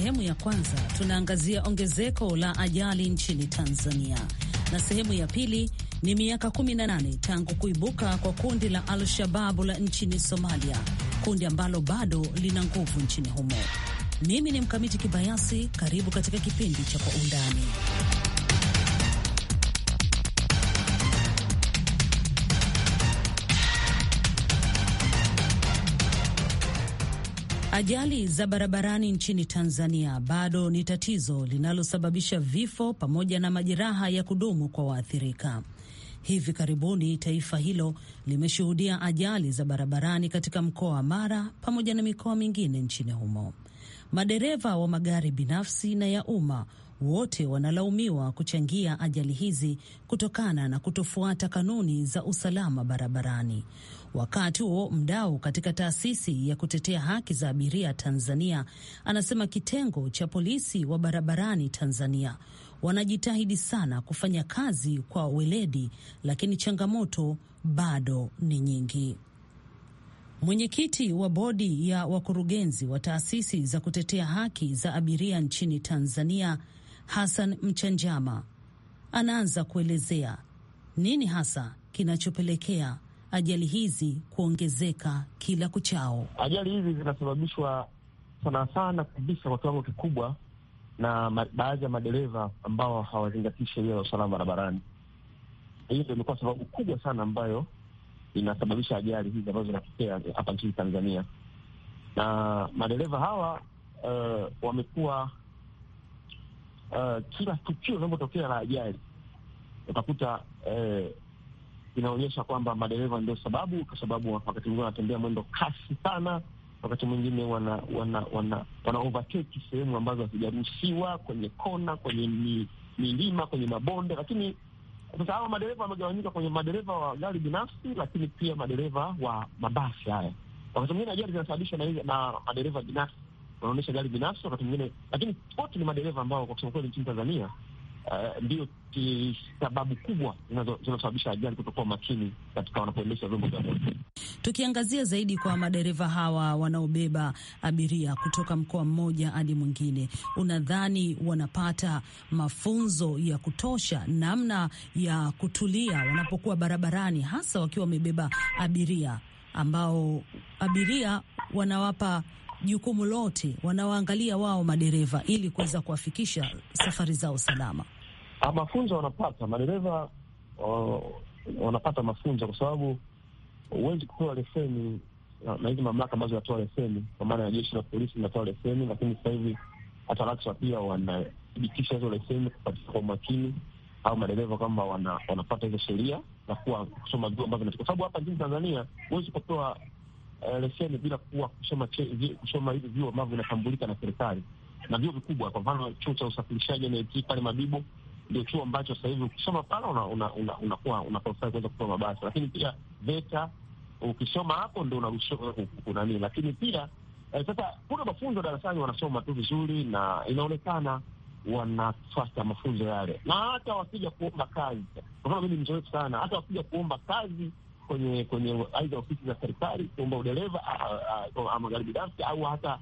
sehemu ya kwanza tunaangazia ongezeko la ajali nchini Tanzania, na sehemu ya pili ni miaka 18 tangu kuibuka kwa kundi la Al-Shababu la nchini Somalia, kundi ambalo bado lina nguvu nchini humo. Mimi ni Mkamiti Kibayasi, karibu katika kipindi cha Kwa Undani. Ajali za barabarani nchini Tanzania bado ni tatizo linalosababisha vifo pamoja na majeraha ya kudumu kwa waathirika. Hivi karibuni taifa hilo limeshuhudia ajali za barabarani katika mkoa wa Mara pamoja na mikoa mingine nchini humo. Madereva wa magari binafsi na ya umma wote wanalaumiwa kuchangia ajali hizi kutokana na kutofuata kanuni za usalama barabarani. Wakati huo mdau katika taasisi ya kutetea haki za abiria Tanzania anasema kitengo cha polisi wa barabarani Tanzania wanajitahidi sana kufanya kazi kwa weledi, lakini changamoto bado ni nyingi. Mwenyekiti wa bodi ya wakurugenzi wa taasisi za kutetea haki za abiria nchini Tanzania Hassan Mchanjama anaanza kuelezea nini hasa kinachopelekea ajali hizi kuongezeka kila kuchao. Ajali hizi zinasababishwa sana sana kabisa kwa kiwango kikubwa na baadhi ya madereva ambao hawazingatii sheria za usalama barabarani. Hiyo ndio imekuwa sababu kubwa sana ambayo inasababisha ajali hizi ambazo zinatokea hapa nchini Tanzania, na madereva hawa uh, wamekuwa uh, kila tukio linavyotokea la ajali utakuta eh, inaonyesha kwamba madereva ndio sababu, kwa sababu wakati mwingine wanatembea mwendo kasi sana, wakati mwingine wana wana wana, wana overtake sehemu ambazo hazijaruhusiwa, kwenye kona, kwenye milima, kwenye mabonde. Lakini sasa hawa madereva wamegawanyika kwenye madereva wa gari binafsi, lakini pia madereva wa mabasi haya. Wakati mwingine ajali zinasababishwa na, na madereva binafsi wanaonyesha gari binafsi, wakati mwingine, lakini wote ni madereva ambao kwa kusema kweli nchini Tanzania uh, ndio sababu kubwa zinazosababisha ajali, kutokuwa makini katika wanapoendesha vyombo vya moto. Tukiangazia zaidi kwa madereva hawa wanaobeba abiria kutoka mkoa mmoja hadi mwingine, unadhani wanapata mafunzo ya kutosha namna ya kutulia wanapokuwa barabarani, hasa wakiwa wamebeba abiria ambao abiria wanawapa jukumu lote, wanawaangalia wao madereva ili kuweza kuwafikisha safari zao salama. Ah, mafunzo wanapata madereva uh, wanapata mafunzo kwa sababu huwezi kupewa leseni na hizi mamlaka ambazo zinatoa leseni, kwa maana ya jeshi la polisi linatoa leseni, lakini sasa hivi hata LATRA pia wanathibitisha hizo leseni kupatia kwa umakini au madereva kwamba wana, wanapata hizo sheria na kuwa kusoma vyuo ambavyo, kwa sababu hapa nchini Tanzania huwezi kupewa uh, leseni bila kuwa kusoma hivi kusoma vyuo ambavyo vinatambulika na serikali na vyuo vikubwa. Kwa mfano chuo cha usafirishaji NIT pale Mabibo ndio chuo ambacho sasa hivi ukisoma pale unakuwa una, una, una, una kuweza kutoa mabasi, lakini pia VETA ukisoma hapo ndo unaruhusiwa Lakini pia eh, sasa kuna mafunzo darasani wanasoma tu vizuri, na inaonekana wanafuata mafunzo yale, na hata wakija kuomba kazi. Kwa mfano mimi ni mzoefu sana, hata wakija kuomba kazi kwenye kwenye aidha ofisi za serikali kuomba udereva ama gari binafsi au hata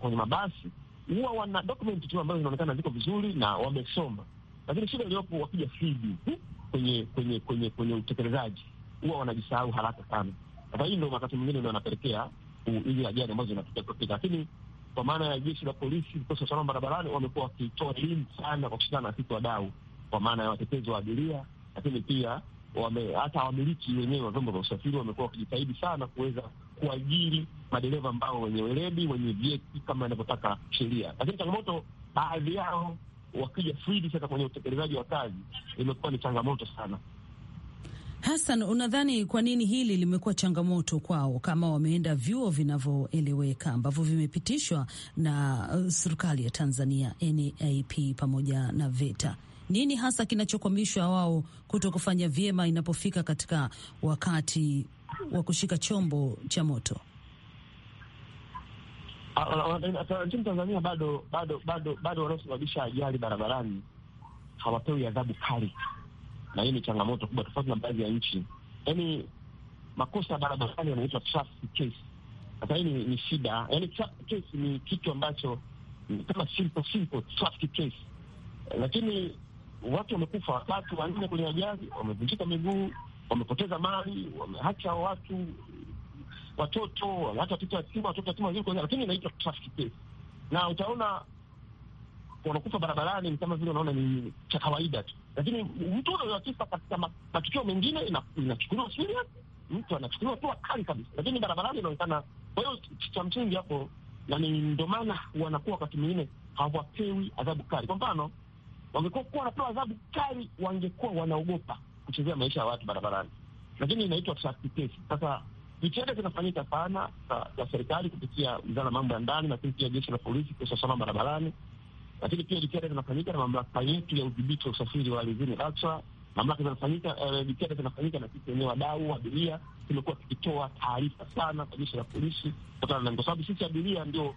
kwenye mabasi, huwa wana document tu ambazo zinaonekana ziko vizuri na wamesoma, lakini shida iliyopo wakija fidi kwenye kwenye kwenye kwenye utekelezaji huwa wanajisahau haraka sana. Sasa hii ndo wakati mwingine ndo wanapelekea hizi ajali ambazo zinatokea, lakini kwa maana ya jeshi la polisi, vikosi vya usalama barabarani wamekuwa wakitoa elimu sana kwa kushirikiana na sisi wadau, kwa maana ya watetezi wa abiria, lakini pia wame, hata wamiliki wenyewe wa vyombo vya usafiri wamekuwa wakijitahidi sana kuweza kuajiri madereva ambao wenye weledi, wenye vyeti kama inavyotaka sheria, lakini changamoto baadhi yao wakija fridi sasa kwenye utekelezaji wa kazi imekuwa ni changamoto sana. Hassan, unadhani kwa nini hili limekuwa changamoto kwao, kama wameenda vyuo vinavyoeleweka ambavyo vimepitishwa na uh, serikali ya Tanzania, nap pamoja na VETA? Nini hasa kinachokwamishwa wao kuto kufanya vyema inapofika katika wakati wa kushika chombo cha moto? Ah, ah, ah, nchini Tanzania bado bado bado bado wanaosababisha ajali barabarani hawapewi adhabu kali, na hii ni changamoto kubwa, tofauti na baadhi ya nchi. Yaani makosa ya barabarani yanaitwa traffic case. Sasa hii ni shida, yaani traffic case ni kitu ambacho kama simple simple traffic case, lakini watu wamekufa watatu wanne kwenye ajali, wamevunjika miguu, wamepoteza mali, wameacha watu watoto, wameacha watoto yatima, watoto yatima wazuri kwenye, lakini inaitwa traffic case, na utaona wanakufa barabarani ni kama vile unaona ni cha kawaida tu, lakini mtu ule katika matukio mengine inachukuliwa serious, mtu anachukuliwa tu kali kabisa, lakini barabarani inaonekana. Kwa hiyo cha msingi hapo, na ndio maana wanakuwa wakati mwingine hawapewi adhabu kali. Kwa mfano wangekuwa wanapewa adhabu kali, wangekuwa wanaogopa kuchezea maisha ya watu barabarani, lakini inaitwa traffic Sasa jitihada zinafanyika sana za serikali kupitia wizara ya mambo ya ndani, lakini pia jeshi la polisi kuhusu usalama barabarani, lakini pia jitihada zinafanyika na mamlaka yetu ya udhibiti wa usafiri wa alizini LATRA. Mamlaka zinafanyika eh, jitihada zinafanyika na sisi wenyewe wadau abiria tumekuwa tukitoa taarifa sana kwa jeshi la polisi kutokana na, kwa sababu sisi abiria ndio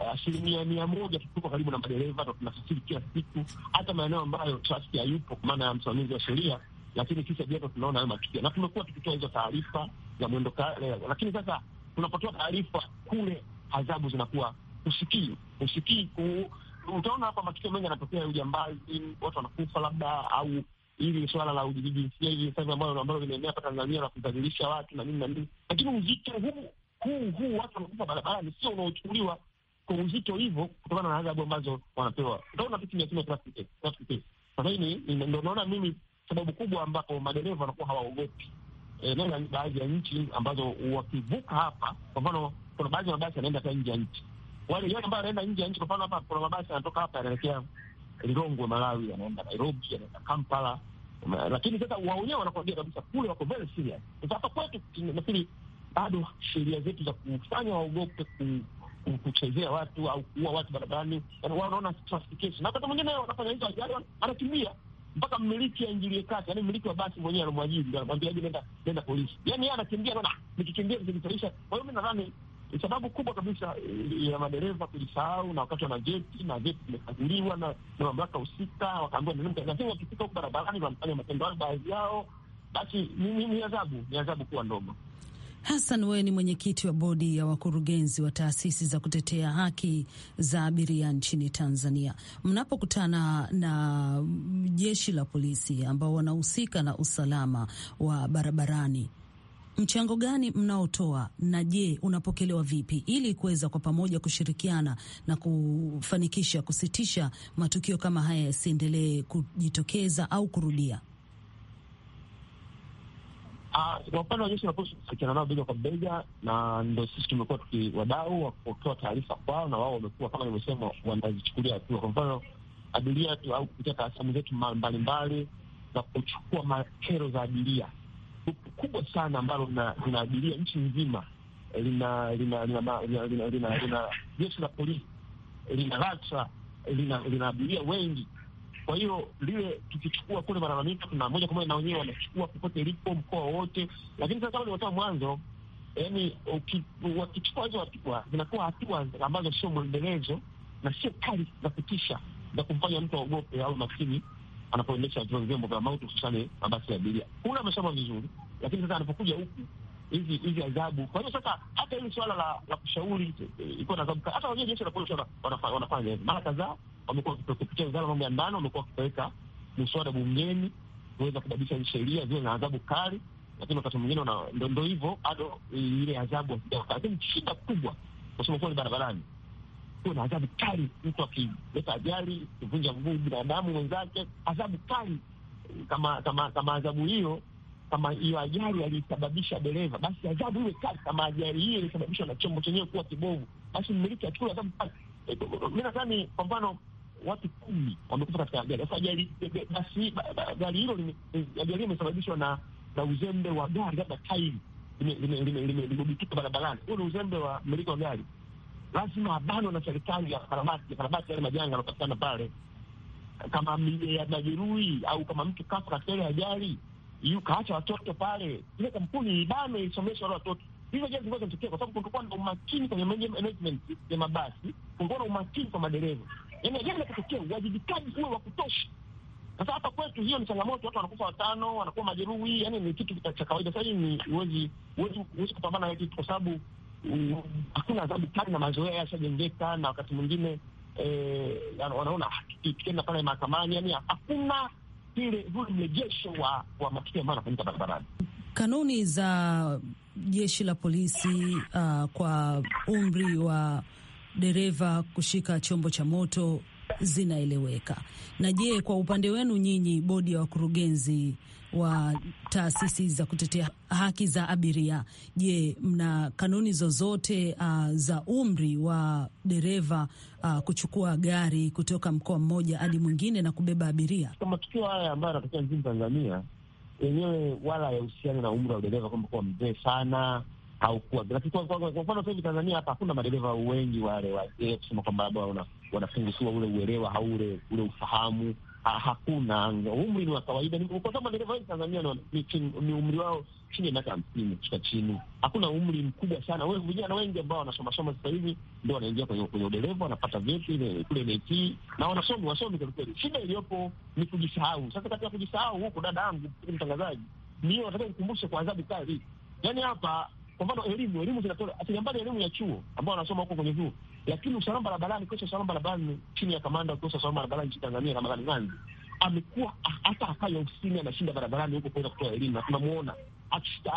Eh, asilimia mia moja tuko karibu na madereva na tunasafiri kila siku, hata maeneo ambayo trafiki hayupo kwa maana ya msimamizi wa sheria, lakini kisa jeto tunaona hayo matukio, na tumekuwa tukitoa hizo taarifa za mwendo kale. Eh, lakini sasa tunapotoa taarifa kule, adhabu zinakuwa usikii, usikii. Utaona hapa matukio mengi yanatokea ya ujambazi, watu wanakufa labda, au hili suala la ujijinsia hivi sasa ambayo ambalo limeenea hapa Tanzania la kudhalilisha watu na nini na nini, lakini uzito huu huu huu watu wanakufa barabarani sio unaochukuliwa kwa uzito hivyo kutokana na adhabu ambazo wanapewa. Utaona vitu vinasema traffic ticket. naona mimi sababu kubwa ambapo madereva wanakuwa hawaogopi e, eh, nenda baadhi ya nchi ambazo wakivuka hapa, kwa mfano kuna baadhi ya mabasi yanaenda hata nje ya nchi, wale yale ambao anaenda nje ya nchi. Kwa mfano hapa kuna mabasi yanatoka hapa yanaelekea Lilongwe Malawi, yanaenda Nairobi, yanaenda Kampala, lakini sasa wao wenyewe wanakuambia kabisa kule wako very serious. Sasa hapa kwetu nafikiri bado sheria zetu za kufanya waogope kuchezea watu au kuua watu barabarani. Yani wao wanaona transportation, na wakati mwingine wanafanya hizo ajali, anakimbia mpaka mmiliki aingilie kati, yani mmiliki wa basi mwenyewe anamwajiri, anamwambia aje, nenda nenda polisi. Yani yeye anakimbia, naona ah, nikikimbia nikijitarisha. Kwa hiyo mi nadhani eh, sababu kubwa kabisa eh, ya madereva kujisahau, na wakati wana jeti na jeti imefunguliwa na na mamlaka husika, wakaambiwa lakini wakifika huku barabarani wanafanya matendo hayo baadhi yao, basi ni adhabu, ni adhabu kuwa ndogo. Hassan, wewe ni mwenyekiti wa bodi ya wakurugenzi wa taasisi za kutetea haki za abiria nchini Tanzania. Mnapokutana na jeshi la polisi ambao wanahusika na usalama wa barabarani, mchango gani mnaotoa na je, unapokelewa vipi ili kuweza kwa pamoja kushirikiana na kufanikisha kusitisha matukio kama haya yasiendelee kujitokeza au kurudia? Ah, kwa upande wa jeshi tunapaswa nao bega kwa bega, na ndo sisi tumekuwa tukiwadau wa kutoa taarifa kwao, na wao wamekuwa kama nilivyosema, wanazichukulia hatua. Kwa mfano abiria tu au kupitia taasisi zetu mbalimbali za kuchukua makero za abiria kubwa sana ambalo lina abiria nchi nzima, eh, lina lina jeshi la polisi, lina LATRA, lina abiria wengi kwa hiyo lile tukichukua kule malalamiko, tuna moja kwa moja na wenyewe wanachukua popote ilipo mkoa wote, lakini sasa kama nimetoa mwanzo, yani wakichukua hizo hatua zinakuwa hatua ambazo sio mwendelezo na sio kali za kutisha za kumfanya mtu aogope au makini anapoendesha vyombo vya mauti, hususani mabasi ya abiria. Kule amesoma vizuri, lakini sasa anapokuja huku hizi hizi adhabu. Kwa hiyo sasa hata hili suala la la kushauri eh, iko na adhabu, hata wenyewe jeshi la polisi wanafanya hivi mara kadhaa wamekuwa kupitia wizara mambo ya ndani, wamekuwa wakipeleka muswada bungeni kuweza kubadilisha sheria ziwe na adhabu kali, lakini wakati mwingine ndo hivyo bado eh, ile adhabu, lakini shida kubwa kusema ni barabarani kuwe na adhabu kali, mtu akileta ajali, kuvunja mguu binadamu mwenzake, adhabu kali kama kama kama adhabu hiyo kama hiyo ajali alisababisha dereva, basi adhabu iwe kali. Kama ajali hiyo ilisababishwa na chombo chenyewe kuwa kibovu, basi mmiliki achukue adhabu kali. Mi nadhani kwa mfano watu kumi wamekufa katika ajali. Sasa ajali basi gari hilo ajali hiyo imesababishwa na na uzembe wa gari, labda tairi limebutuka barabarani. Huo ni uzembe wa mmiliki wa gari, lazima abanwe na serikali ya karabati karabati yale majanga yanapatikana pale. Kama ya majeruhi au kama mtu kafa katika ile ajali yu kaacha watoto pale, ile kampuni ibanwe, isomeshe wale watoto hizo ajali zinaweza zinatokea kwa sababu kungekuwa na umakini kwenye management ya mabasi, kungekuwa na umakini kwa madereva Yaani ajali ikatokea, uwajibikaji uwe wa kutosha. Sasa hapa kwetu hiyo ni changamoto, watu wanakufa watano, wanakuwa majeruhi, yani ni kitu cha kawaida. Sasa hii ni huwezi huwezi kupambana na kitu, kwa sababu mm, hakuna adhabu kali na mazoea yashajengeka, na wakati mwingine eh, wanaona tukienda pale mahakamani, yani hakuna ile ule mrejesho wa wa matukio ambayo anafanyika barabarani. Kanuni za jeshi la polisi uh, kwa umri wa dereva kushika chombo cha moto zinaeleweka. Na je, kwa upande wenu nyinyi, bodi ya wakurugenzi wa taasisi za kutetea haki za abiria, je, mna kanuni zozote uh, za umri wa dereva uh, kuchukua gari kutoka mkoa mmoja hadi mwingine na kubeba abiria? Kwa matukio haya ambayo yanatokea nchini Tanzania yenyewe wala yahusiani na umri wa dereva kwamba kuwa mzee sana haukuwa. Lakini kwa mfano sasa hivi Tanzania hapa hakuna madereva wengi wale wazee kusema kwamba labda wanafungusiwa ule uelewa au ule ule ufahamu ha, hakuna. Umri ni wa kawaida, kwa sababu madereva wengi Tanzania ni, ni ni umri wao chini ya miaka hamsini kushuka chini. Hakuna umri mkubwa sana. Wewe vijana wengi ambao wanasomasoma sasa hivi ndio wanaingia kwenye kwenye udereva, wanapata vyeti kule NET na wanasomi wasomi kwa kweli. Shida iliyopo ni kujisahau. Sasa katika kujisahau huku, dada yangu mtangazaji, mimi nataka nikumbushe kwa adhabu kali, yaani hapa kwa mfano elimu, elimu zinatoa asilimia mbali, elimu ya chuo ambao wanasoma huko kwenye vyuo, lakini usalama barabarani, kosa usalama barabarani chini ya kamanda wa kosa usalama barabarani nchini Tanzania, Ramadhani Nganzi amekuwa hata akaja ofisini anashinda barabarani huko kuweza kutoa elimu, na tunamuona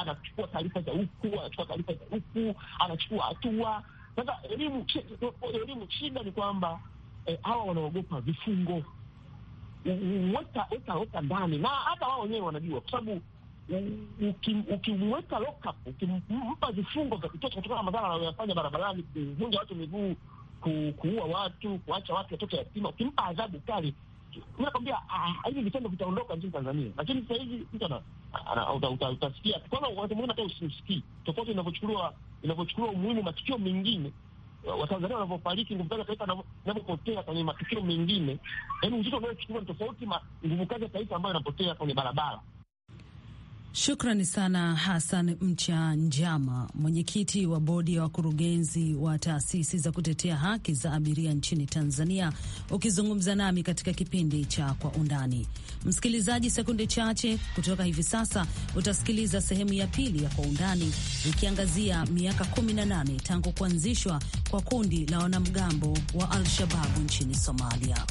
anachukua taarifa za huku, anachukua taarifa za huku, anachukua hatua. Sasa elimu, elimu, shida ni kwamba eh, hawa wanaogopa vifungo, weka weka weka ndani, na hata wao wenyewe wanajua, kwa sababu ukimweka lock ukimpa vifungo vya kutosha kutokana na madhara anayoyafanya barabarani, kuvunja watu miguu, kuua watu, kuacha watu watoto yatima, ukimpa adhabu kali nakwambia ah, hivi vitendo vitaondoka nchini Tanzania, lakini sasa hivi mtu utasikia kwanza, wakati mwingine hata usiusikii, tofauti inavyochukuliwa inavyochukuliwa umuhimu matukio mengine Watanzania wanavyofariki, nguvu kazi ya taifa inavyopotea kwenye matukio mengine, yaani uzito unaochukuliwa ni tofauti nguvu kazi ya taifa ambayo inapotea kwenye barabara Shukrani sana Hassan Mcha Njama, mwenyekiti wa bodi ya wakurugenzi wa taasisi za kutetea haki za abiria nchini Tanzania, ukizungumza nami katika kipindi cha Kwa Undani. Msikilizaji, sekunde chache kutoka hivi sasa utasikiliza sehemu ya pili ya Kwa Undani ikiangazia miaka 18 tangu kuanzishwa kwa kundi la wanamgambo wa Al-Shababu nchini Somalia.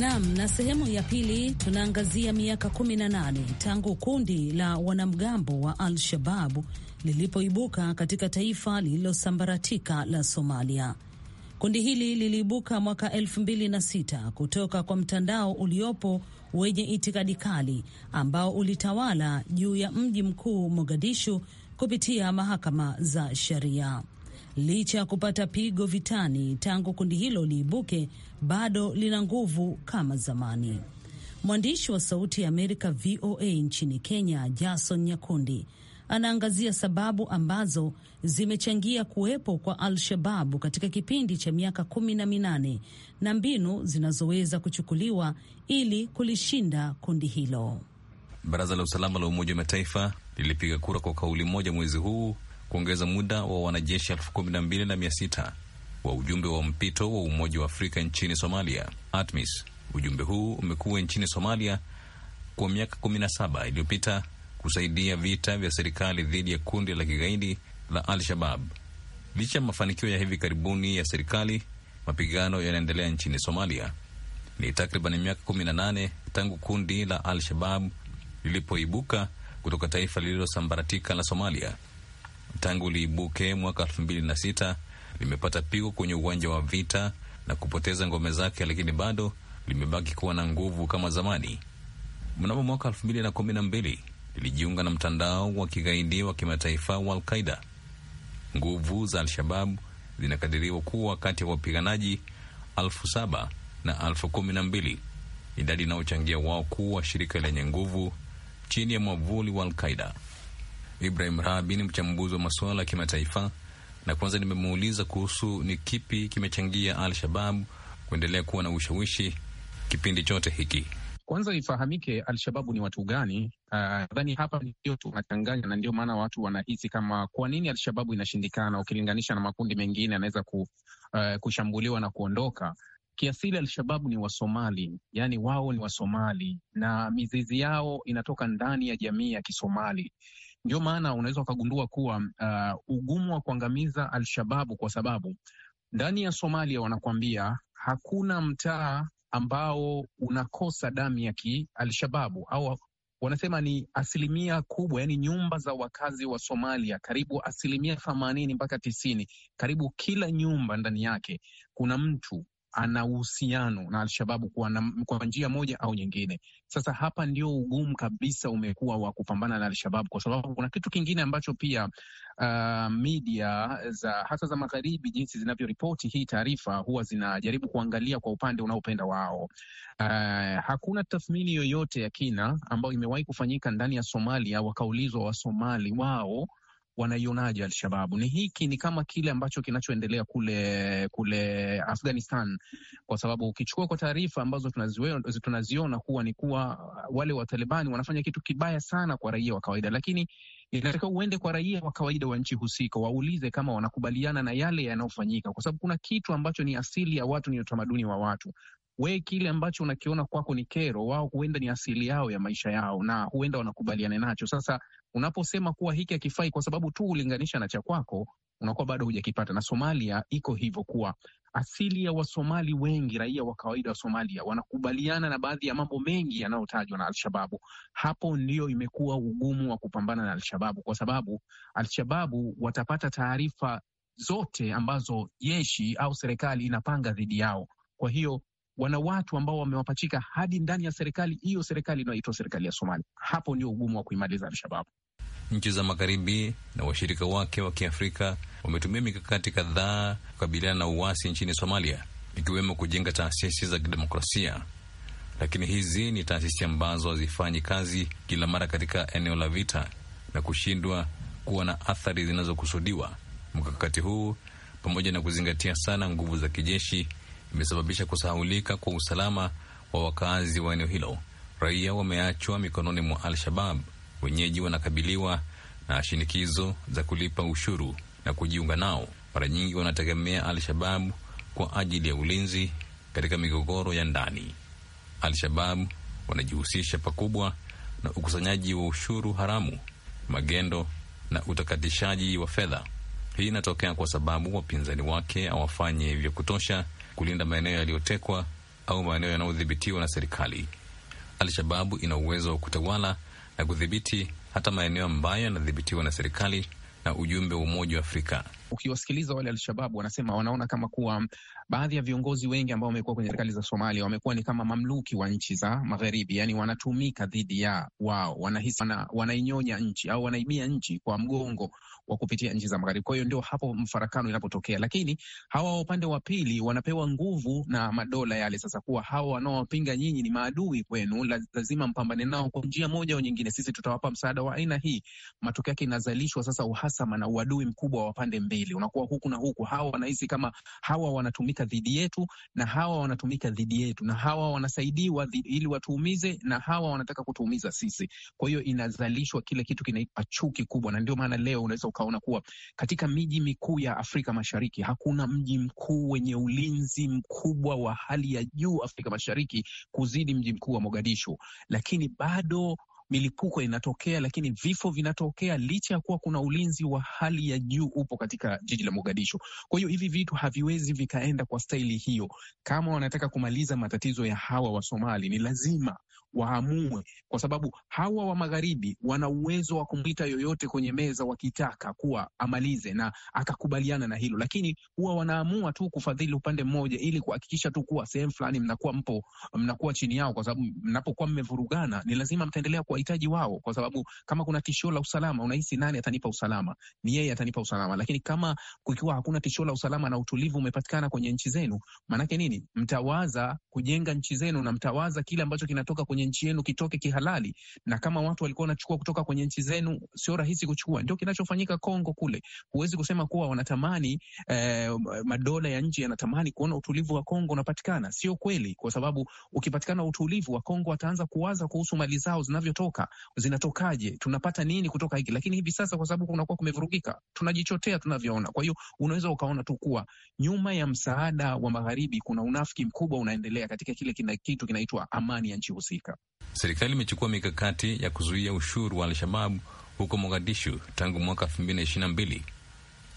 Naam, na sehemu ya pili tunaangazia miaka 18 tangu kundi la wanamgambo wa Al-Shababu lilipoibuka katika taifa lililosambaratika la Somalia. Kundi hili liliibuka mwaka 2006 kutoka kwa mtandao uliopo wenye itikadi kali ambao ulitawala juu ya mji mkuu Mogadishu kupitia mahakama za sharia licha ya kupata pigo vitani tangu kundi hilo liibuke, bado lina nguvu kama zamani. Mwandishi wa Sauti ya Amerika VOA nchini Kenya, Jason Nyakundi anaangazia sababu ambazo zimechangia kuwepo kwa Al-Shababu katika kipindi cha miaka kumi na minane na mbinu zinazoweza kuchukuliwa ili kulishinda kundi hilo. Baraza la Usalama la Umoja wa Mataifa lilipiga kura kwa kauli moja mwezi huu kuongeza muda wa wanajeshi elfu kumi na mbili na mia sita wa ujumbe wa mpito wa Umoja wa Afrika nchini Somalia, ATMIS. Ujumbe huu umekuwa nchini Somalia kwa miaka kumi na saba iliyopita kusaidia vita vya serikali dhidi ya kundi la kigaidi la Al-Shabab. Licha ya mafanikio ya hivi karibuni ya serikali, mapigano yanaendelea nchini Somalia. Ni takriban miaka kumi na nane tangu kundi la Al-Shabab lilipoibuka kutoka taifa lililosambaratika la Somalia tangu liibuke mwaka elfu mbili na sita limepata pigo kwenye uwanja wa vita na kupoteza ngome zake, lakini bado limebaki kuwa na nguvu kama zamani. Mnamo mwaka elfu mbili na kumi na mbili lilijiunga na mtandao wa kigaidi wa kimataifa wa Alqaida. Nguvu za Al-Shabab zinakadiriwa kuwa kati ya wapiganaji elfu saba na elfu kumi na mbili idadi inayochangia wao kuwa shirika lenye nguvu chini ya mwavuli wa Alqaida. Ibrahim Rahabi ni mchambuzi wa masuala ya kimataifa, na kwanza nimemuuliza kuhusu ni kipi kimechangia Al Shababu kuendelea kuwa na ushawishi kipindi chote hiki. Kwanza ifahamike Alshababu ni watu gani? Ah, nadhani uh, hapa ndio tunachanganya, na ndio maana watu wanahisi kama kwa nini Alshababu inashindikana ukilinganisha na makundi mengine anaweza ku, uh, kushambuliwa na kuondoka. Kiasili Alshababu ni Wasomali, yaani wao ni Wasomali na mizizi yao inatoka ndani ya jamii ya Kisomali. Ndio maana unaweza ukagundua kuwa uh, ugumu wa kuangamiza Alshababu kwa sababu ndani ya Somalia wanakuambia hakuna mtaa ambao unakosa damu ya kialshababu au wanasema ni asilimia kubwa, yani nyumba za wakazi wa Somalia karibu asilimia themanini mpaka tisini, karibu kila nyumba ndani yake kuna mtu ana uhusiano na Alshababu kwa, kwa njia moja au nyingine. Sasa hapa ndio ugumu kabisa umekuwa wa kupambana na Alshababu, kwa sababu kuna kitu kingine ambacho pia uh, media za hasa za magharibi jinsi zinavyoripoti hii taarifa huwa zinajaribu kuangalia kwa upande unaopenda wao. Uh, hakuna tathmini yoyote ya kina ambayo imewahi kufanyika ndani ya Somalia wakaulizwa Wasomali wao wanaionaje Alshababu? Ni hiki ni kama kile ambacho kinachoendelea kule kule Afghanistan, kwa sababu ukichukua kwa taarifa ambazo tunaziona kuwa ni kuwa wale Watalibani wanafanya kitu kibaya sana kwa raia wa kawaida, lakini inatakiwa uende kwa raia wa kawaida wa nchi husika, waulize kama wanakubaliana na yale yanayofanyika, kwa sababu kuna kitu ambacho ni asili ya watu, ni utamaduni wa watu we kile ambacho unakiona kwako ni kero, wao huenda ni asili yao ya maisha yao, na huenda wanakubaliana nacho. Sasa Unaposema kuwa hiki hakifai kwa sababu tu ulinganisha na cha kwako, unakuwa bado hujakipata. Na Somalia iko hivyo kuwa asili ya Wasomali wengi, raia wa kawaida wa Somalia wanakubaliana na baadhi ya mambo mengi yanayotajwa na Alshababu. Hapo ndio imekuwa ugumu wa kupambana na Alshababu kwa sababu Alshababu watapata taarifa zote ambazo jeshi au serikali inapanga dhidi yao. Kwa hiyo wana watu ambao wamewapachika hadi ndani ya serikali hiyo, serikali inayoitwa serikali ya Somalia. Hapo ndio ugumu wa kuimaliza Alshababu. Nchi za magharibi na washirika wake wa kiafrika wametumia mikakati kadhaa kukabiliana na uasi nchini Somalia, ikiwemo kujenga taasisi za kidemokrasia, lakini hizi ni taasisi ambazo hazifanyi kazi kila mara katika eneo la vita na kushindwa kuwa na athari zinazokusudiwa. Mkakati huu pamoja na kuzingatia sana nguvu za kijeshi imesababisha kusahaulika kwa usalama wa wakazi wa eneo hilo. Raia wameachwa mikononi mwa Al-Shabab wenyeji wanakabiliwa na shinikizo za kulipa ushuru na kujiunga nao. Mara nyingi wanategemea Al-Shababu kwa ajili ya ulinzi katika migogoro ya ndani. Al-Shababu wanajihusisha pakubwa na ukusanyaji wa ushuru haramu, magendo na utakatishaji wa fedha. Hii inatokea kwa sababu wapinzani wake hawafanye vya kutosha kulinda maeneo yaliyotekwa au maeneo yanayodhibitiwa na serikali. Al-Shababu ina uwezo wa kutawala na kudhibiti hata maeneo ambayo yanadhibitiwa na serikali na ujumbe wa Umoja wa Afrika. Ukiwasikiliza wale Alshabab wanasema wanaona kama kuwa baadhi ya viongozi wengi ambao wamekuwa kwenye serikali za Somalia wamekuwa ni kama mamluki wa nchi za Magharibi, yaani wanatumika dhidi ya wao, wanahisi wanainyonya nchi au wanaibia nchi kwa mgongo wa kupitia nchi za magharibi. Kwa hiyo ndio hapo mfarakano inapotokea, lakini hawa upande wa pili wanapewa nguvu na madola yale, sasa kuwa hawa wanaowapinga nyinyi ni maadui kwenu, lazima mpambane nao kwa njia moja au nyingine, sisi tutawapa msaada wa aina hii. Matokeo yake inazalishwa sasa uhasama na uadui mkubwa wa pande mbili, unakuwa huku na huku. Hawa wanahisi kama hawa wanatumika dhidi yetu na hawa wanatumika dhidi yetu na hawa wanasaidiwa ili watuumize na hawa wanataka kutuumiza sisi. Kwa hiyo inazalishwa kile kitu kinaipa chuki kubwa, na ndio maana leo unaweza wakaona kuwa katika miji mikuu ya Afrika Mashariki hakuna mji mkuu wenye ulinzi mkubwa wa hali ya juu Afrika Mashariki kuzidi mji mkuu wa Mogadishu, lakini bado milipuko inatokea, lakini vifo vinatokea licha ya kuwa kuna ulinzi wa hali ya juu upo katika jiji la Mogadishu. Kwa hiyo hivi vitu haviwezi vikaenda kwa staili hiyo. Kama wanataka kumaliza matatizo ya hawa wa somali ni lazima waamue, kwa sababu hawa wa magharibi wana uwezo wa kumwita yoyote kwenye meza wakitaka kuwa amalize na akakubaliana na hilo, lakini huwa wanaamua tu kufadhili upande mmoja ili kuhakikisha tu kuwa sehemu fulani mnakuwa mpo, mnakuwa chini yao, kwa sababu mnapokuwa mmevurugana ni lazima mtaendelea kuwahitaji wao, kwa sababu kama kuna tishio la usalama, unahisi nani atanipa usalama? Ni yeye atanipa usalama. Lakini kama kukiwa hakuna tishio la usalama na utulivu umepatikana kwenye nchi zenu, maanake nini? Mtawaza kujenga nchi zenu na mtawaza kile ambacho kinatoka kwenye nchi yenu kitoke kihalali, na kama watu walikuwa wanachukua kutoka kwenye nchi zenu, sio rahisi kuchukua. Ndio kinachofanyika Kongo kule. Huwezi kusema kuwa wanatamani eh, madola ya nje yanatamani kuona utulivu wa Kongo unapatikana. Sio kweli, kwa sababu ukipatikana utulivu wa Kongo wataanza kuwaza kuhusu mali zao zinavyotoka, zinatokaje, tunapata nini kutoka hiki. Lakini hivi sasa kwa sababu kunakuwa kumevurugika, tunajichotea tunavyoona. Kwa hiyo unaweza ukaona tu kuwa nyuma ya msaada wa magharibi kuna unafiki mkubwa unaendelea katika kile kina kitu kinaitwa amani ya nchi husika. Afrika. Serikali imechukua mikakati ya kuzuia ushuru wa Al-Shababu huko Mogadishu tangu mwaka elfu mbili na ishirini na mbili.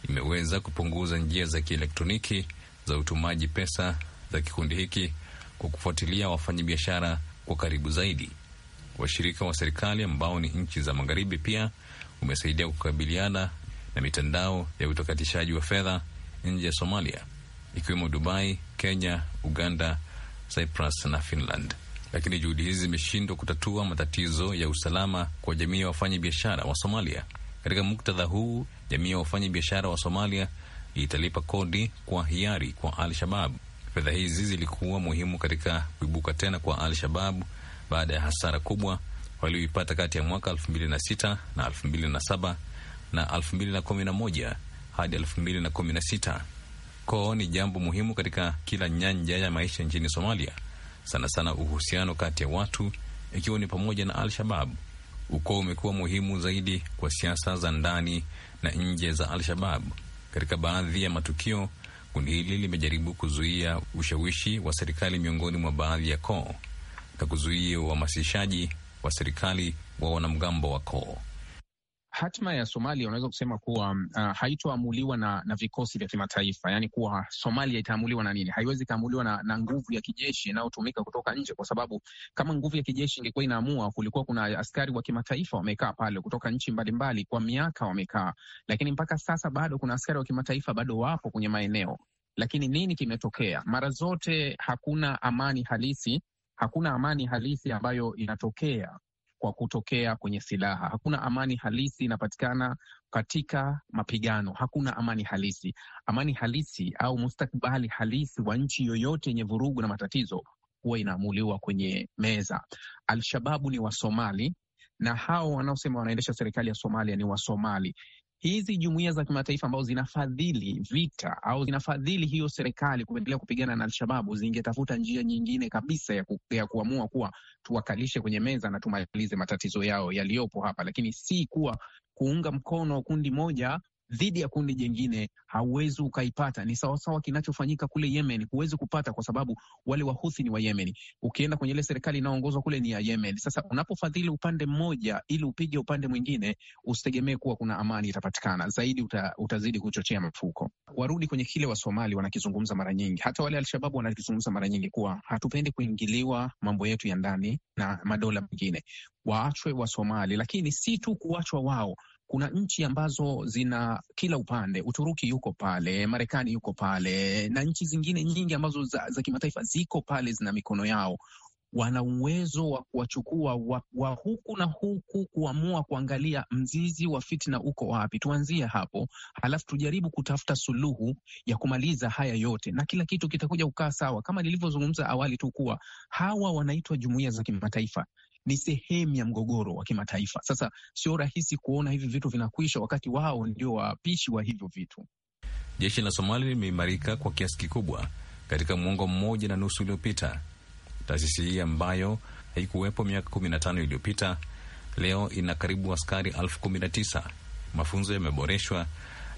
Imeweza kupunguza njia za kielektroniki za utumaji pesa za kikundi hiki kwa kufuatilia wafanyabiashara kwa karibu zaidi. Washirika wa serikali ambao ni nchi za magharibi pia umesaidia kukabiliana na mitandao ya utakatishaji wa fedha nje ya Somalia, ikiwemo Dubai, Kenya, Uganda, Cyprus na Finland lakini juhudi hizi zimeshindwa kutatua matatizo ya usalama kwa jamii ya wafanyabiashara wa Somalia. Katika muktadha huu, jamii ya wafanyabiashara wa Somalia italipa kodi kwa hiari kwa Al-Shabab. Fedha hizi zilikuwa muhimu katika kuibuka tena kwa Al-Shabab baada ya hasara kubwa walioipata kati ya mwaka 2006 na 2007 na 2011 hadi 2016. Koo ni jambo muhimu katika kila nyanja ya maisha nchini Somalia sana sana uhusiano kati ya watu, ikiwa ni pamoja na Al-Shabab. Ukoo umekuwa muhimu zaidi kwa siasa za ndani na nje za Al-Shabab. Katika baadhi ya matukio, kundi hili limejaribu kuzuia ushawishi wa serikali miongoni mwa baadhi ya koo na kuzuia uhamasishaji wa serikali wa wanamgambo wa koo hatima ya Somalia unaweza kusema kuwa uh, haitoamuliwa na, na vikosi vya kimataifa, yani kuwa Somalia itaamuliwa na nini? Haiwezi ikaamuliwa na, na nguvu ya kijeshi inayotumika kutoka nje, kwa sababu kama nguvu ya kijeshi ingekuwa inaamua, kulikuwa kuna askari wa kimataifa wamekaa pale kutoka nchi mbalimbali, kwa miaka wamekaa, lakini mpaka sasa bado kuna askari wa kimataifa bado wapo kwenye maeneo. Lakini nini kimetokea? Mara zote hakuna amani halisi, hakuna amani halisi ambayo inatokea kwa kutokea kwenye silaha. Hakuna amani halisi inapatikana katika mapigano, hakuna amani halisi. Amani halisi au mustakbali halisi wa nchi yoyote yenye vurugu na matatizo huwa inaamuliwa kwenye meza. Alshababu ni Wasomali na hao wanaosema wanaendesha serikali ya Somalia ni Wasomali hizi jumuiya za kimataifa ambazo zinafadhili vita au zinafadhili hiyo serikali kuendelea kupigana na Alshababu zingetafuta njia nyingine kabisa ya, ku, ya kuamua kuwa tuwakalishe kwenye meza na tumalize matatizo yao yaliyopo hapa, lakini si kuwa kuunga mkono kundi moja dhidi ya kundi jingine hauwezi ukaipata. Ni sawasawa kinachofanyika kule Yemen, huwezi kupata kwa sababu wale wahuthi ni wa Yemen. Ukienda kwenye ile serikali inayoongozwa kule ni ya Yemen. Sasa unapofadhili upande mmoja ili upige upande mwingine, usitegemee kuwa kuna amani itapatikana zaidi, uta, utazidi kuchochea mafuko. Warudi kwenye kile Wasomali wanakizungumza mara nyingi, hata wale Alshababu wanakizungumza mara nyingi kuwa hatupendi kuingiliwa mambo yetu ya ndani na madola mengine. Waachwe Wasomali, lakini si tu kuachwa wao kuna nchi ambazo zina kila upande. Uturuki yuko pale, Marekani yuko pale, na nchi zingine nyingi ambazo za, za kimataifa ziko pale, zina mikono yao wana uwezo wa kuwachukua wa, wa huku na huku, kuamua kuangalia mzizi wa fitna uko wapi, tuanzie hapo, halafu tujaribu kutafuta suluhu ya kumaliza haya yote, na kila kitu kitakuja kukaa sawa. Kama nilivyozungumza awali tu kuwa hawa wanaitwa jumuiya za kimataifa, ni sehemu ya mgogoro wa kimataifa. Sasa sio rahisi kuona hivi vitu vinakwisha wakati wao ndio waapishi wa hivyo vitu. Jeshi la somali limeimarika kwa kiasi kikubwa katika mwongo mmoja na nusu uliopita. Taasisi hii ambayo haikuwepo miaka kumi na tano iliyopita leo ina karibu askari elfu kumi na tisa. Mafunzo yameboreshwa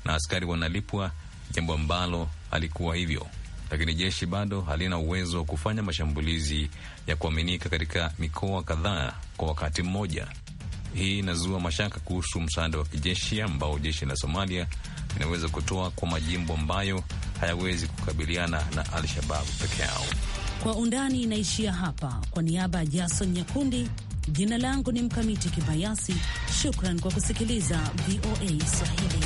na askari wanalipwa, jambo ambalo alikuwa hivyo lakini jeshi bado halina uwezo wa kufanya mashambulizi ya kuaminika katika mikoa kadhaa kwa wakati mmoja. Hii inazua mashaka kuhusu msaada wa kijeshi ambao jeshi la Somalia linaweza kutoa kwa majimbo ambayo hayawezi kukabiliana na Al-Shababu peke yao. Kwa undani inaishia hapa. Kwa niaba ya Jason Nyakundi, jina langu ni Mkamiti Kibayasi. Shukran kwa kusikiliza VOA Swahili.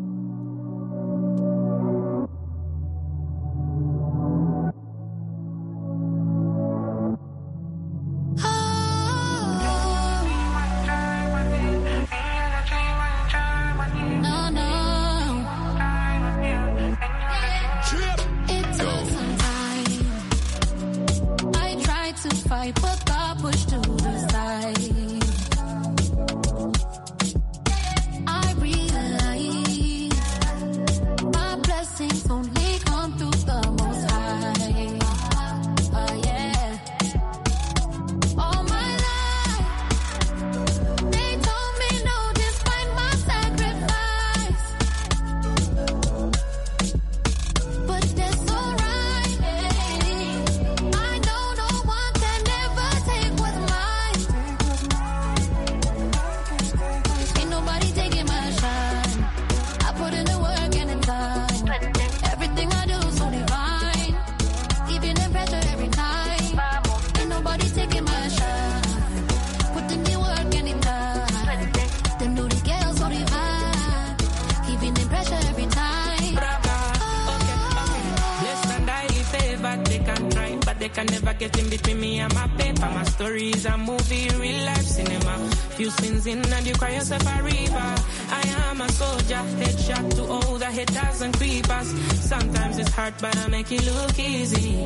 you sin in and you cry yourself a river. I am a soldier, headshot to all the haters and creepers. Sometimes it's hard, but I make it look easy.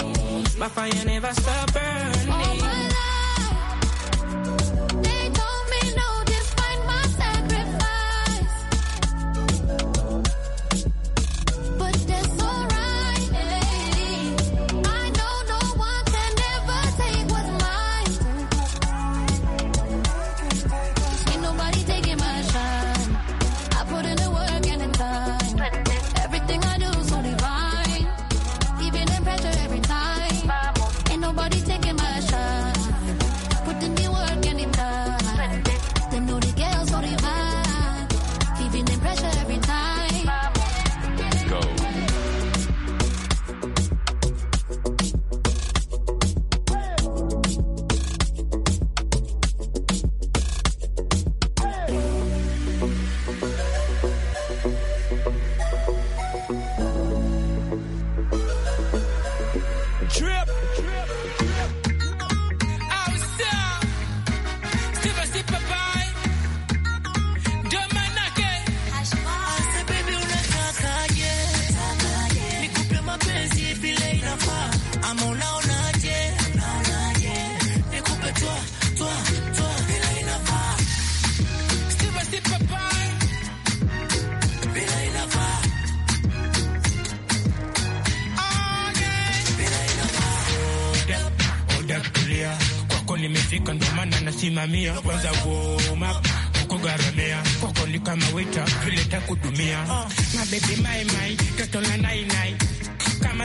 My fire never stop burning.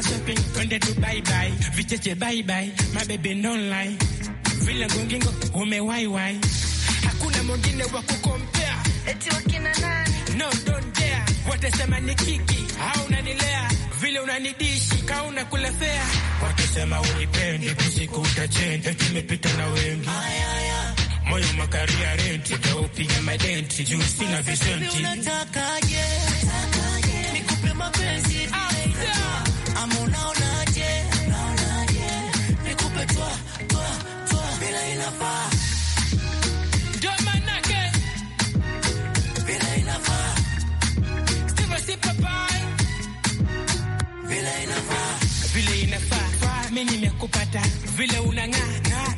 my shopping twende tu bye bye, vicheche bye bye, my baby don't lie, vile ngongingo umewaiwai, hakuna mwingine wa kukompea eti wakina nani, no don't dare, watasema ni kiki au unanilea vile unanidishi ka unakulefea, watasema unipendi, kusiku utachenda, tumepita na wengi moyo makaria renti kaupiga madenti juu sina visenti, unatakaje nikupe mapenzi vile unang'aa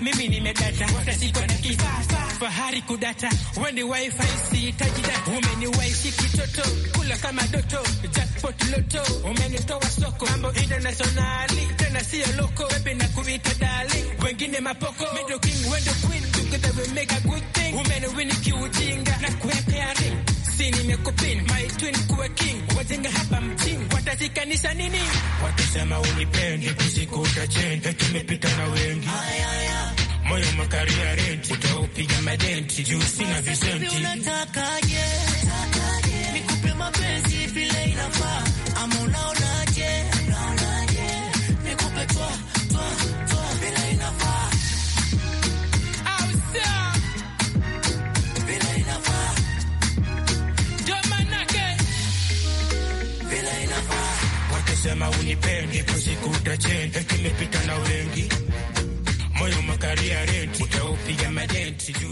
mimi nimedata, utashikwa na kifaa fahari kudata, wendi wifi sihitaji data, umeniwaishi kitoto, kula kama doto, jackpot loto, umenitoa soko, mambo internationali tena siyo loko, wewe na kuita dali, wengine mapoko, middle king, wendo queen, together we make a good thing, umeniwini kiujinga na kuwekea ring sini mekupin my twin kuwe king, wajenga hapa mchini, watazikanisha nini? Watasema unipendi, kusikuta chende, tumepita na wengi moyo makaria renti, utaupiga madenti juu sina visenti. Unatakaje nikupe mapenzi vile inafaa ama unaona kusema unipende kuzikuta cheni kimepita na wengi moyo makaria renti kaupiga madenti